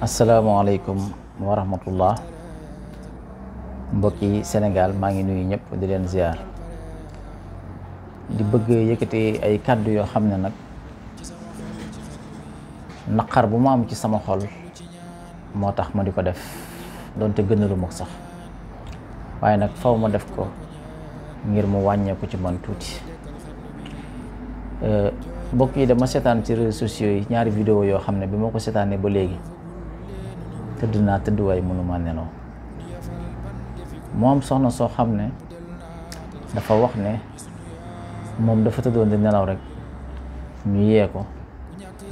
asalaamaaleykum wa rahmatullah mbokki Sénégal maa ngi nuyu ñëpp di leen ziar di bëgg yëkkati ay kàddu yoo xam ne nag naqar bu ma am ci sama xol moo tax ma di ko def doonte gënalu ma sax waaye nag faw ma def ko ngir mu wàññeeku ci man tuuti euh, mbokk yi dama seetaan ci réseaux sociaux yi ñaari vidéo yoo xam ne bi moo ko seetaanee ba léegi tëdd naa tëdd waaye mënuma nelaw moom soxna soo xam ne dafa wax ne moom dafa tëddoon di nelaw rek ñu yee ko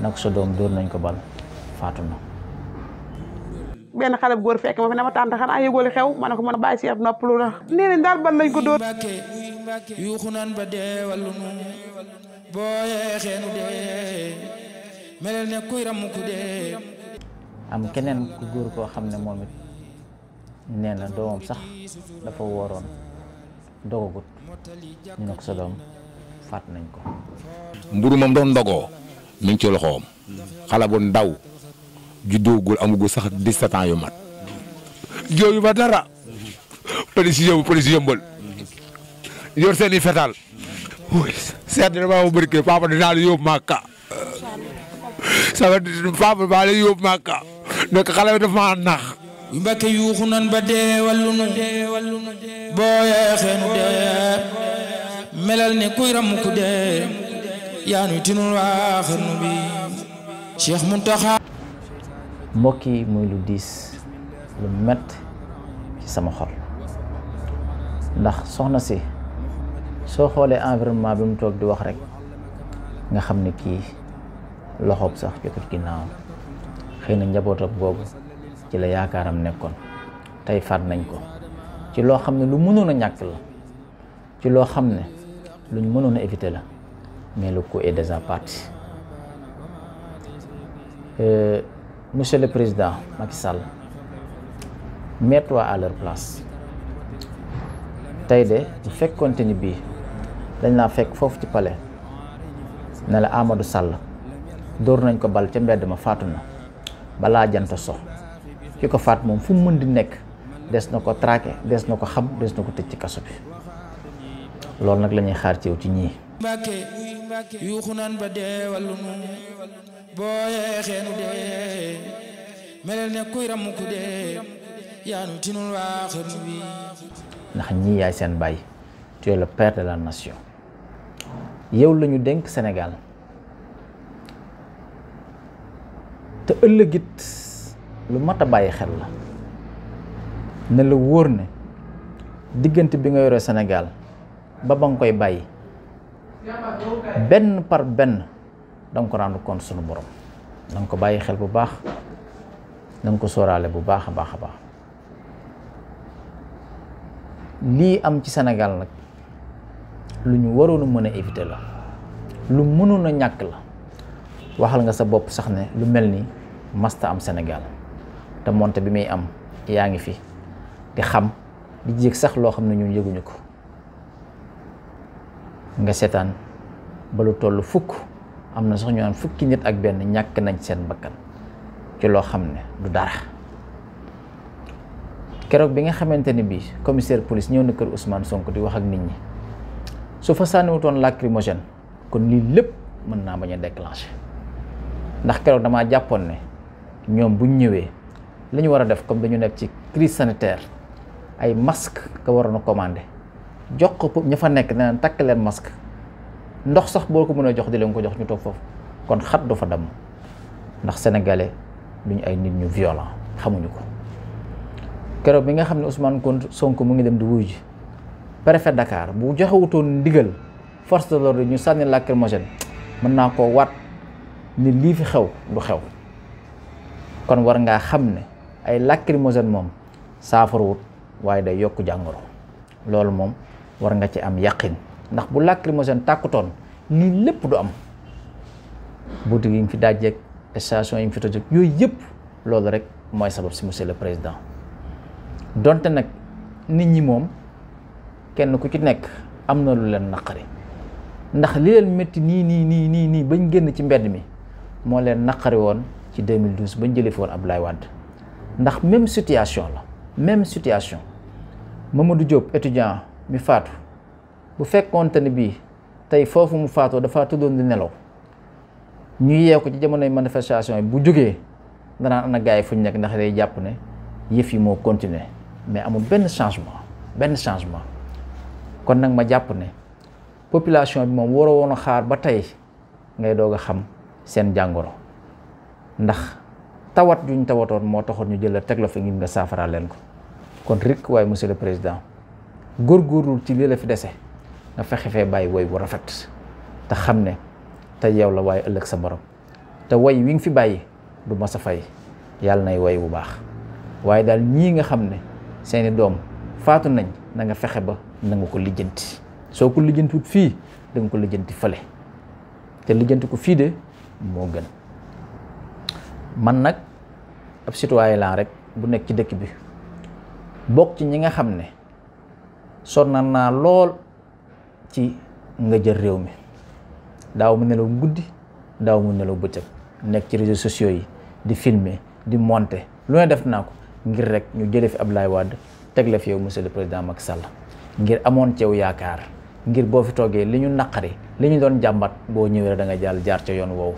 nag sa doom dóor nañ ko bal faatu na benn xale bu góor fekk ma fi ma tànt xanaa yëgoo xew ma ne ko mën a bàyyi seet noppalu na nee nañ daal bal lañ ko dóor yuuxu naan ba dee wàllu nu boo yeexee nu dee ne kuy ramu ku am keneen ku góor koo xam ne moom it nee na doomam sax dafa wooroon dogagut ñu ne ko faat nañ ko. mburu moom doon ndogoo mi ngi ci loxoom. bu ndaw juddoogul amugul sax 17 ans yu mat. jooyu dara. police yëngu yor seen i fetal. wuy seet na maa ma bëri kii papa dinaa la yóbbu Màkka. sama papa maa nekk xale bi daf maa ne kuy ramu ku mbokk yi muy lu diis lu mett sama xol ndax soxna si soo xoolee environnement bi mu toog di wax rek nga xam ne kii loxoob sax jotul ginnaaw xëy na boobu ci la yaakaaram nekkoon tey faat nañ ko ci loo xam ne lu mënoon a ñàkk la ci loo xam ne luñ mënoon a éviter la mais le coup est déjà parti euh, monsieur le président Macky Sall mets-toi à leur place tey de bu fekkonte ni bii dañ laa fekk foofu ci pale ne la Amadou Sall dóor nañ ko bal ca mbedd ma faatu na balaa janta so ki ko faat moom fu mën di nekk des na ko traqué des na ko xam des na ko tëj ci kaso bi loolu nag lañuy xaar ci yow ci ñii. mbàkke yuuxu naan ba dee wàllu nu boo yeexee nu dee melel ne kuy ramu ku dee yaa nu tinul waaxee nu ndax ñii yaay seen bàyyi tu es le de la nation yow lañu dénk Sénégal. te ëllëg it lu mat a bàyyi xel la ne la wóor ne diggante bi nga yore senegaal ba ba nga koy bàyyi benn par benn da ko rendre sunu borom da ko bàyyi xel bu baax da ko soraale bu baax a baax a baax lii am ci Sénégal nag lu ñu waroon mën a éviter la lu mënoon a ñàkk la. waxal nga sa bopp sax ne lu mel ni masta am Sénégal te moonte bi muy am yaa ngi fi di xam di jéeg sax loo xam ne ñun yëguñu ko nga seetaan ba lu toll fukk am na sax ñu naan fukki nit ak benn ñàkk nañ seen bakkan ci loo xam ne du dara keroog bi nga xamante ni bii commissaire police ñëw na kër Ousmane Sonko di wax ak nit ñi su fa sànniwutoon lacrymogène kon lii lépp mën naa bañ a ndax keroog damaa jàppoon ne ñoom buñ ñëwee li ñu war a def comme dañu nekk ci crise sanitaire ay masque nga waroon a commandé jox ko ña fa nekk neneen takk leen masque ndox sax boo ko mën a jox di leen ko jox ñu toog foofu kon xat du fa dem ndax sénégalais duñu ay nit ñu violent xamuñu ko keroog bi nga xam ne Ousmane sonk mu ngi dem di wuyu ji préfet Dakar bu joxewutoon ndigal force de l'ordre ñu sànni lacrymogène mën naa koo waat ni lii fi xew du xew kon war ngaa xam ne ay mosen moom saafarawut waaye day yokk jàngoro loolu moom war nga ci am yàqin ndax bu mosen tàkkutoon lii lépp du am boutique yi ñu fi dajeeg station yi ñu fi tojog yooyu yëpp loolu rek mooy sabab si monsieur le président donte nag nit ñi moom kenn ku ci nekk am na lu leen naqari ndax li leen métti nii nii nii nii bañ génn ci mbedd mi moo leen naqari woon ci 2012 ba ñu jëlee fi woon Abdoulaye Wade ndax même situation la même situation Mamadou Diop étudiant mi faatu bu fekkoonte ne bii tey foofu mu faatoo dafa tuddoon di nelaw ñu yee ci jamonoy manifestation yi bu jógee danaan ana gars yi fu ñu nekk ndax day jàpp ne yëf yi moo continuer mais amul benn changement benn changement kon nag ma jàpp ne population bi moom waroo woon a xaar ba tey ngay doog a xam seen jàngoro ndax tawat juñ tawatoon moo taxoon ñu jëla teg la fa ngir nga saafara leen ko kon rek waaye monsieur le président góorgóorlu ci lii la fi dese nga fexe fee bàyyi woy bu rafet te xam ne te yow la waaye ëllëg sa borom te woy wi nga fi bàyyi du ma sa fay yàlla nay woy bu baax waaye daal ñii nga xam ne seeni doom faatu nañ na nga fexe ba na ko lijjanti soo ko lijjantiwut fii da ko lijjanti fële te lijjanti ko fii de moo gën man nag ab citoyen laa rek bu nekk ci dëkk bi bokk ci ñi nga xam ne sonna naa lool ci nga jël réew mi daaw mu nelaw guddi daaw mu nelaw bëccëg nekk ci réseaux sociaux yi di filmer di monter lu ne def naa ko ngir rek ñu jële fi Abdoulaye Wade teg la fi yow monsieur le président Macky Sall ngir amoon ci yaakaar ngir boo fi toogee li ñu naqari li ñu doon jàmbat boo ñëwee da nga jàll jaar ca yoon woowu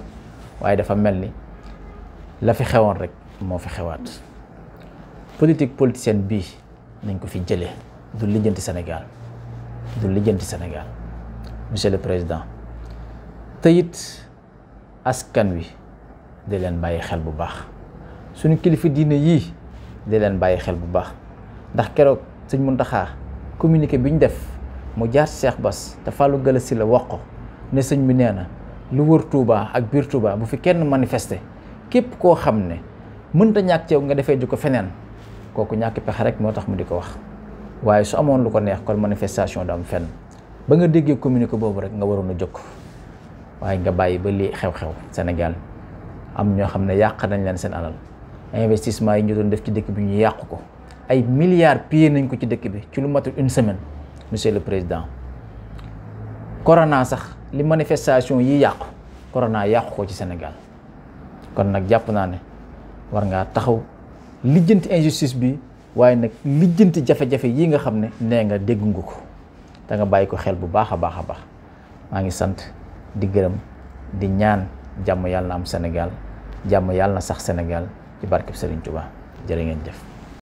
waaye dafa mel ni la fi xewoon rek moo fi xewaat politique politicienne bii nañ ko fi jëlee du lijjanti senegal du lijjanti senegal monsieur le président te it askan wi di leen bàyyi xel bu baax suñu kilifa diine yii di leen bàyyi xel bu baax ndax keroog sëñ Muntaxa communiqué bi ñu def. mu jaar Cheikh bas te Fallou Gala si la wax ko ne sëñ bi nee na lu wër Touba ak biir Touba bu fi kenn manifester képp koo xam ne mënta ñàkk ceew nga defee ji ko feneen kooku ñàkk pexe rek moo tax mu di ko wax waaye su amoon lu ko neex kon manifestation du am fenn ba nga déggee communiqué boobu rek nga waroon a jóg waaye nga bàyyi ba lii xew-xew Sénégal am ñoo xam ne yàq nañ leen seen alal investissement yi ñu doon def ci dëkk bi ñu yàq ko ay milliards pillé nañ ko ci dëkk bi ci lu matul une semaine. monsieur le président corona sax li manifestation yi yàqu corona yàqu ko ci Sénégal kon nag jàpp naa ne war ngaa taxaw lijjanti injustice bi waaye nag lijjanti jafe-jafe yi nga xam ne nee nga dégg nga ko da nga bàyyi ko xel bu baax a baax a baax maa ngi sant di gërëm di ñaan jàmm yàlla am Sénégal jàmm yàlla sax Sénégal ci barkeb Serigne Touba jërë ngeen jëf.